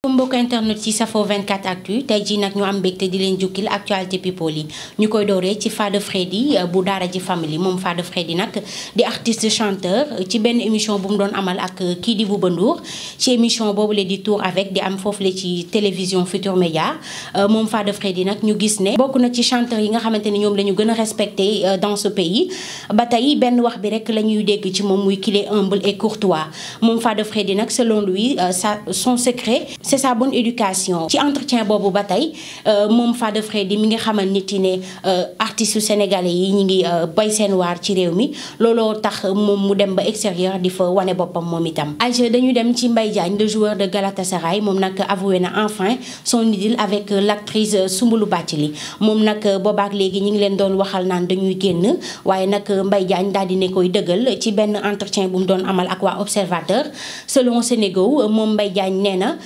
comme mbokk internet ci safo 24 actu tey jii nag ñu am mbégte di leen jukkil actualité people yi ñu koy dooree ci Fada Freddy euh, bu Daara ji J Family moom Fada Freddy nag di artiste chanteur euh, ci benn émission bu mu doon amal ak euh, kii di Bouba Ndour ci émission boobu le di tour avec di am foofu le ci télévision Futur Média moom Fada Freddy nag ñu gis ne bokk na ci chanteur yi nga xamante ne ñoom la ñu gën a respecté dans ce pays ba tey benn wax bi rek la ñuy dégg ci moom muy qu'il est humble et courtois moom Fada Freddy nag selon lui sa son secret c'est a bon éducation. ci entretien boobu ba tey euh, moom de Fada di mi nga xamal nit yi ne euh, artistes yu sénégalais yi ñu ngi euh, bay seen waar ci réew mi looloo tax moom mu dem ba extérieur di fa wane boppam moom itam. ay dañu dem ci Mbaye Diagne de joueur de Galatasaray moom nag avoué na enfin son idylle avec l'actrice Soumboulou li moom nag boobaak léegi ñu ngi leen doon waxal naan dañuy génn waaye nag Mbaye Diagne daal di ne koy dëggal ci benn entretien bu mu doon amal ak waa observateur selon Sénégal moom Mbaye Diagne nee na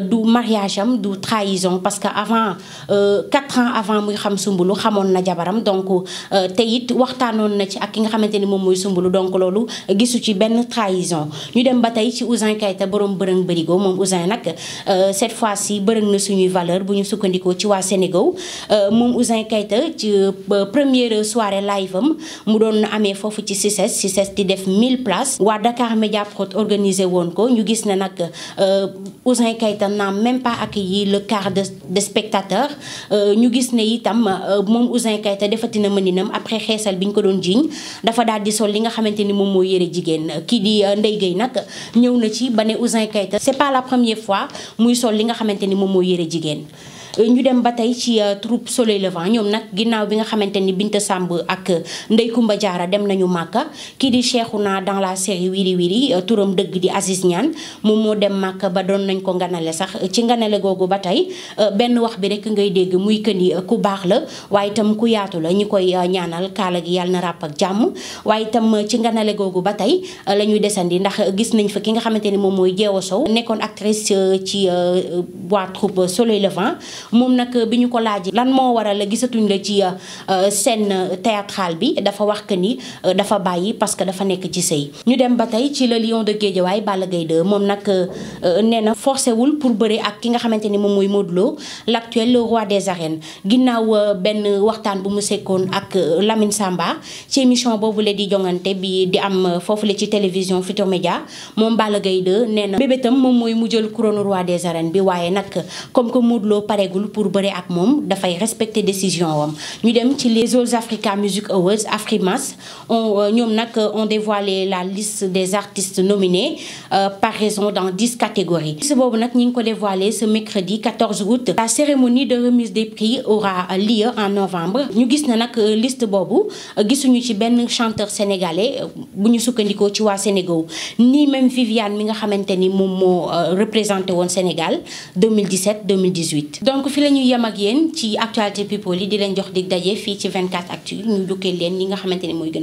du mariage am du trahison parce que avant euh, quatre ans avant muy xam sumbulu xamoon na jabaram donc euh, te it waxtaanoon na ci ak ki nga xamante ni moom mooy sumbulu donc loolu gisu ci benn trahison ñu dem ba tey ci Ouzin Keita borom bërëng bërigo moom Ouzin nag euh, cette fois ci bërëng na suñuy valeur bu ñu sukkandikoo ci waa Sénégal moom Ouzin Keita ci première soirée live am mu doon amee foofu ci CICES CICES di def mille places waa Dakar Media Prod organisé woon ko ñu gis ne nag Ouzin Keita Satan n'a même pas ak accueilli le quart de de spectateurs euh, ñu gis ne itam euh, moom Ouzin Keita defati na mëninam après xeesal bi ñu ko doon jiiñ dafa daal di sol li nga xamante ni moom mooy yëre jigéen kii di euh, Ndeye Gueye nag ñëw na ci ba ne Ouzin Keita c'est pas la première fois muy sol li nga xamante ni moom mooy yëre jigéen. Eh, ñu dem ba tey ci euh, troupe Soleil Levant ñoom nag ginnaaw bi nga xamante ni Binta sàmb ak euh, Ndey Kumba Jaara dem nañu Màkka kii di Cheikhouna dans la série Wiri Wiri euh, turam dëgg di assis ñaan moom moo dem Màkka ba doon nañ ko nganale sax ci nganale googu ba tey benn wax bi rek ngay dégg muy que ni ku baax la waaye itam ku yaatu la ñu koy ñaanal kaala gi yàlla na ràpp ak jàmm waaye itam ci nganale googu ba tey la ñuy desandi ndax gis nañ fa ki nga xamante ni moom mooy Jeewo Sow nekkoon actrice ci waa troupe Soleil Levant moom nag euh, bi ñu ko laaj lan moo waral gisatuñ la ci euh, euh, scène théâtrale bi dafa wax que ni dafa bàyyi parce que dafa nekk ci sëy ñu dem ba tey ci le lion de Guédiawaye Balla gay 2 moom nag nee na forcé wul pour bëri ak ki nga xamante ni moom mooy Modou Lo roi des arènes ginnaaw benn waxtaan bu mu sekkoon ak Lamine Samba ci émission boobu la di bi di am foofu la ci télévision Futurs Médias moom Balla Gaye nee na bébétam moom mooy mu jël couronne des arènes bi waaye nag comme que Modou pare pareegul pour bëre ak moom dafay respecter décision wam ñu dem ci les All Africa Music Awards Afrimas on euh, ñoom nag euh, on dévoilé la liste des artistes nominés euh, par raison dans dix catégories liste boobu nag ñi ngi ko dévoilé ce mercredi 14 août la cérémonie de remise des prix aura lieu en novembre ñu gis na nag liste boobu gisuñu ci benn chanteur sénégalais bu ñu sukkandikoo ci waa Sénégal ni même Viviane mi nga xamante ni moom moo représenté woon Sénégal 2017 2018 donc donc fi la ñuy yem ak yéen ci actualité people yi di leen jox dig daje fii ci 24 actu ñu jukkee leen li nga xamante ne mooy gën